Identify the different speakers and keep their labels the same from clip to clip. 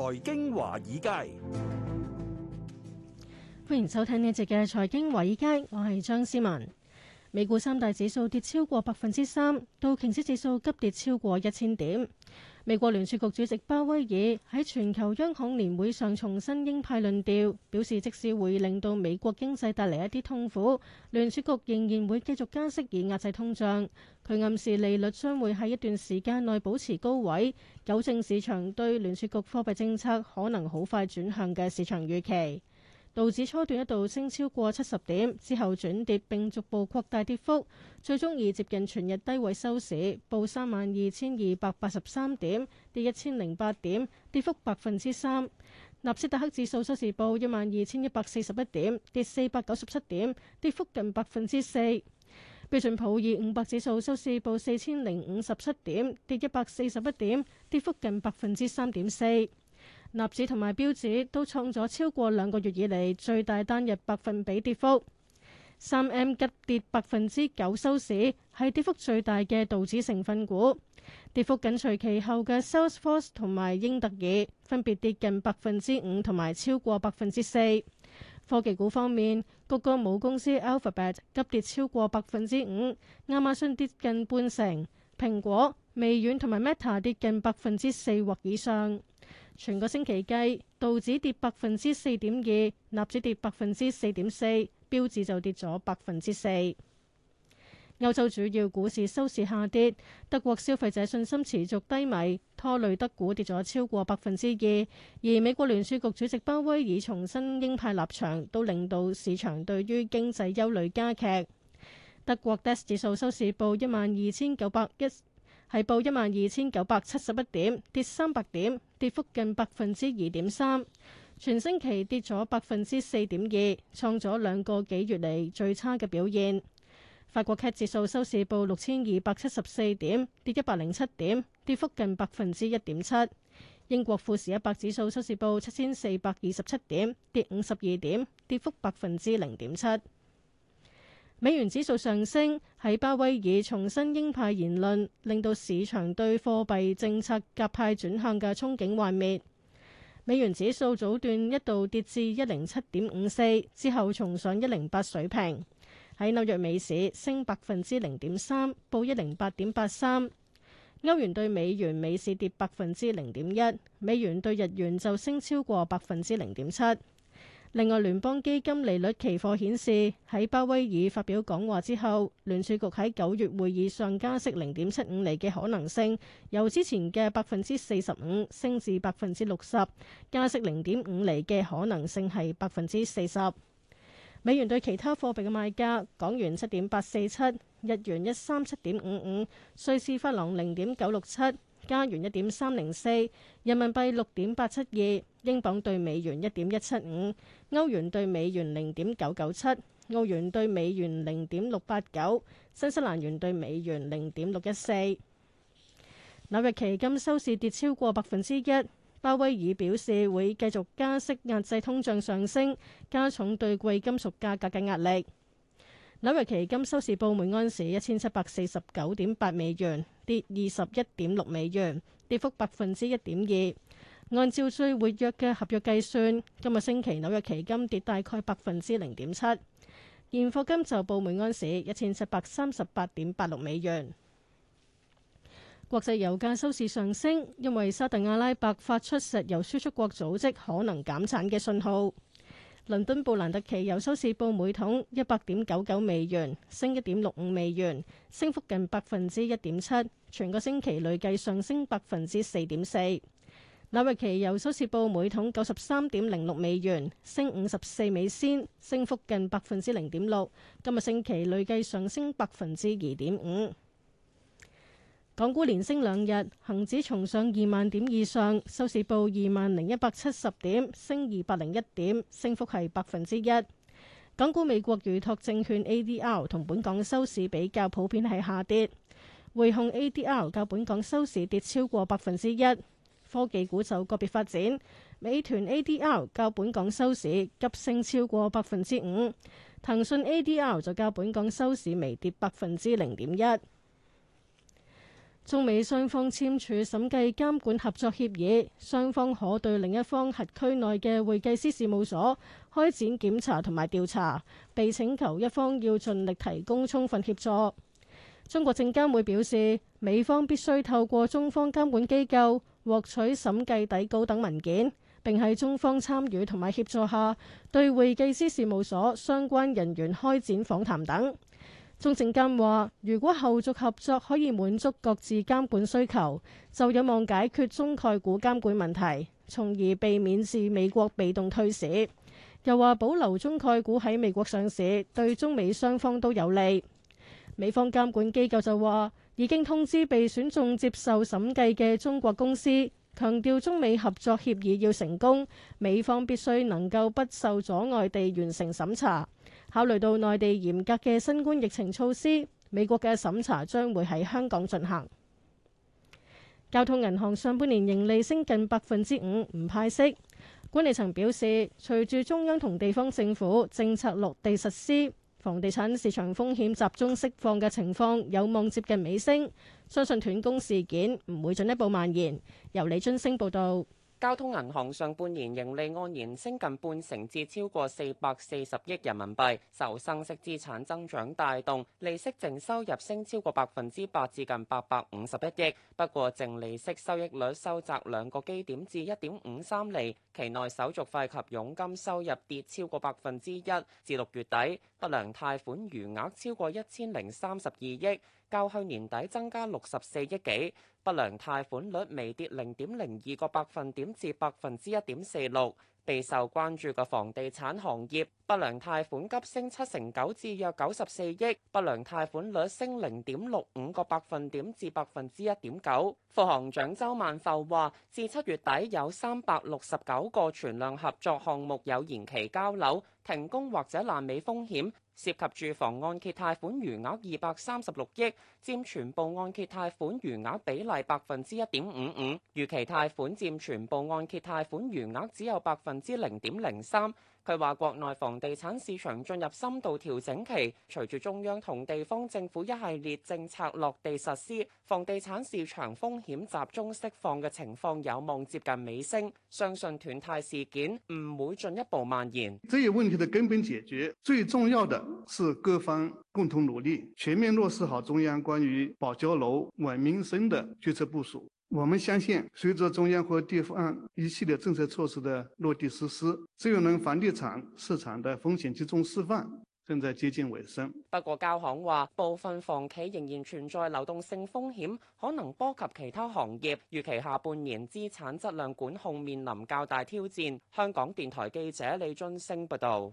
Speaker 1: 財經華爾街，
Speaker 2: 歡迎收聽呢一節嘅財經華爾街，我係張思文。美股三大指數跌超過百分之三，道瓊斯指數急跌超過一千點。美國聯儲局主席鮑威爾喺全球央行年會上重申鷹派論調，表示即使會令到美國經濟帶嚟一啲痛苦，聯儲局仍然會繼續加息以壓制通脹。佢暗示利率將會喺一段時間內保持高位，糾正市場對聯儲局貨幣政策可能好快轉向嘅市場預期。道指初段一度升超過七十點，之後轉跌並逐步擴大跌幅，最終以接近全日低位收市，報三萬二千二百八十三點，跌一千零八點，跌幅百分之三。納斯達克指數收市報一萬二千一百四十一點，跌四百九十七點，跌幅近百分之四。標準普爾五百指數收市報四千零五十七點，跌一百四十一點，跌幅近百分之三點四。納指同埋標指都創咗超過兩個月以嚟最大單日百分比跌幅。三 M 急跌百分之九收市，係跌幅最大嘅道指成分股。跌幅緊隨其後嘅 Salesforce 同埋英特爾分別跌近百分之五同埋超過百分之四。科技股方面，谷歌母公司 Alphabet 急跌超過百分之五，亞馬遜跌近半成，蘋果、微軟同埋 Meta 跌近百分之四或以上。全個星期計，道指跌百分之四點二，納指跌百分之四點四，標指就跌咗百分之四。歐洲主要股市收市下跌，德國消費者信心持續低迷，拖累德股跌咗超過百分之二。而美國聯儲局主席鮑威爾重申鷹派立場，都令到市場對於經濟憂慮加劇。德國 DAX 指數收市報一萬二千九百一，係報一萬二千九百七十一點，跌三百點。跌幅近百分之二點三，全星期跌咗百分之四點二，創咗兩個幾月嚟最差嘅表現。法國 CAC 指數收市報六千二百七十四點，跌一百零七點，跌幅近百分之一點七。英國富時一百指數收市報七千四百二十七點，跌五十二點，跌幅百分之零點七。美元指數上升，喺鮑威爾重申鷹派言論令到市場對貨幣政策鴿派轉向嘅憧憬幻滅，美元指數早段一度跌至一零七點五四，之後重上一零八水平。喺紐約美市升百分之零點三，報一零八點八三。歐元兌美元美市跌百分之零點一，美元兌日元就升超過百分之零點七。另外，聯邦基金利率期貨顯示，喺鮑威爾發表講話之後，聯儲局喺九月會議上加息零點七五厘嘅可能性由之前嘅百分之四十五升至百分之六十，加息零點五厘嘅可能性係百分之四十。美元對其他貨幣嘅賣價：港元七點八四七，日元一三七點五五，瑞士法郎零點九六七。加元一點三零四，人民幣六點八七二，英鎊兌美元一點一七五，歐元兌美元零點九九七，澳元兌美元零點六八九，新西蘭元兌美元零點六一四。紐約期金收市跌超過百分之一。鮑威爾表示會繼續加息，壓制通脹上升，加重對貴金屬價格嘅壓力。紐約期金收市報每安士一千七百四十九點八美元，跌二十一點六美元，跌幅百分之一點二。按照最活躍嘅合約計算，今個星期紐約期金跌大概百分之零點七。現貨金就報每安士一千七百三十八點八六美元。國際油價收市上升，因為沙特阿拉伯發出石油輸出國組織可能減產嘅信號。倫敦布蘭特期油收市報每桶一百點九九美元，升一點六五美元，升幅近百分之一點七，全個星期累計上升百分之四點四。紐約期油收市報每桶九十三點零六美元，升五十四美仙，升幅近百分之零點六，今個星期累計上升百分之二點五。港股連升兩日，恒指重上二萬點以上，收市報二萬零一百七十點，升二百零一點，升幅係百分之一。港股美國預託證券 ADR 同本港收市比較普遍係下跌，匯控 ADR 較本港收市跌超過百分之一。科技股就個別發展，美團 ADR 較本港收市急升超過百分之五，騰訊 ADR 就較本港收市微跌百分之零點一。中美雙方簽署審計監管合作協議，雙方可對另一方轄區內嘅會計師事務所開展檢查同埋調查，被請求一方要盡力提供充分協助。中國證監會表示，美方必須透過中方監管機構獲取審計底稿等文件，並喺中方參與同埋協助下，對會計師事務所相關人員開展訪談等。中證監話：如果後續合作可以滿足各自監管需求，就有望解決中概股監管問題，從而避免至美國被動退市。又話保留中概股喺美國上市，對中美雙方都有利。美方監管機構就話，已經通知被選中接受審計嘅中國公司。強調中美合作協議要成功，美方必須能夠不受阻礙地完成審查。考慮到內地嚴格嘅新冠疫情措施，美國嘅審查將會喺香港進行。交通銀行上半年盈利升近百分之五，唔派息。管理層表示，隨住中央同地方政府政策落地實施，房地產市場風險集中釋放嘅情況有望接近尾聲，相信斷供事件唔會進一步蔓延。由李津升報導。
Speaker 3: 交通銀行上半年盈利按年升近半成，至超過四百四十億人民幣，受生息資產增長帶動，利息淨收入升超過百分之八，至近八百五十一億。不過淨利息收益率收窄兩個基點至一點五三厘，期內手續費及佣金收入跌超過百分之一，至六月底不良貸款餘額超過一千零三十二億。較去年底增加六十四億幾，不良貸款率微跌零點零二個百分點至百分之一點四六。備受關注嘅房地產行業，不良貸款急升七成九至約九十四億，不良貸款率升零點六五個百分點至百分之一點九。副行長周萬阜話，至七月底有三百六十九個存量合作項目有延期交樓、停工或者爛尾風險。涉及住房按揭貸款餘額二百三十六億，佔全部按揭貸款餘額比例百分之一點五五，逾期貸款佔全部按揭貸款餘額只有百分之零點零三。佢話：國內房地產市場進入深度調整期，隨住中央同地方政府一系列政策落地實施，房地產市場風險集中釋放嘅情況有望接近尾聲。相信斷貸事件唔會進一步蔓延。
Speaker 1: 這個問題的根本解決，最重要的是各方共同努力，全面落實好中央關於保交樓、穩民生的決策部署。我們相信，隨着中央和地方一系列政策措施的落地實施，資源能房地產市場的風險集中釋放正在接近尾聲。
Speaker 3: 不過，交行話部分房企仍然存在流動性風險，可能波及其他行業，預期下半年資產質量管控面臨較大挑戰。香港電台記者李津升報道。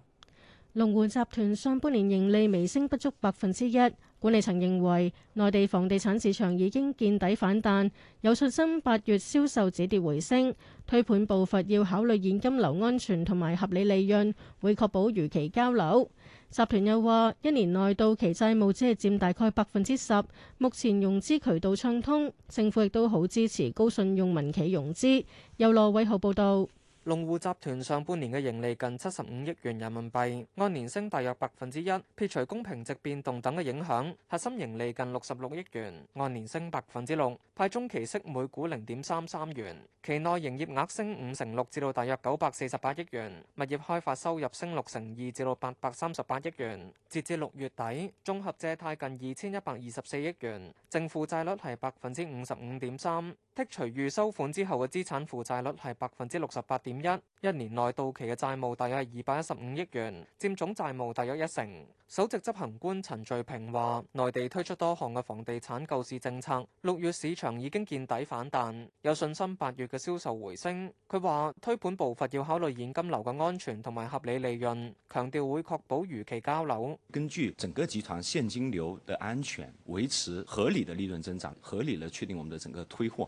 Speaker 2: 龍湖集團上半年盈利微升不足百分之一。管理層認為內地房地產市場已經見底反彈，有信心八月銷售止跌回升。推盤步伐要考慮現金流安全同埋合理利潤，會確保如期交樓。集團又話一年內到期債務只係佔大概百分之十，目前融資渠道暢通，政府亦都好支持高信用民企融資。由羅偉豪報道。龍湖
Speaker 1: 集團上半年嘅盈利近七十五億元人民幣，按年升大約百分之一，撇除公平值變動等嘅影響，核心盈利近六十六億元，按年升百分之六，派中期息每股零點三三元。期內營業額升五成六，至到大約九百四十八億元，物業開發收入升六成二，至到八百三十八億元。截至六月底，綜合借貸近二千一百二十四億元，淨負債率係百分之五十五點三。剔除預收款之後嘅資產負債率係百分之六十八點一，一年內到期嘅債務大約係二百一十五億元，佔總債務大約一成。首席執行官陳序平話，內地推出多項嘅房地產救市政策，六月市場已經見底反彈，有信心八月嘅銷售回升。佢話：推盤步伐要考慮現金流嘅安全同埋合理利潤，強調會確保如期交樓。根據整個集團現金流嘅安全，維持合理的利潤增長，合理地確定我們的整個推貨。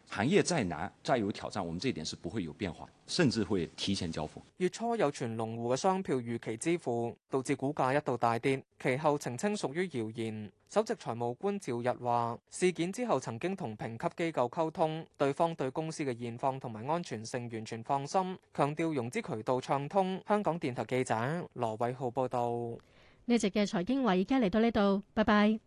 Speaker 1: 行業再難再有挑戰，我們這點是不會有變化，甚至會提前交付。月初有全龍湖嘅商票逾期支付，導致股價一度大跌，其後澄清屬於謠言。首席財務官趙日話：事件之後曾經同評級機構溝通，對方對公司嘅現況同埋安全性完全放心，強調融資渠道暢通。香港電台記者羅偉浩報道。
Speaker 2: 呢集嘅財經華爾街而家嚟到呢度，拜拜。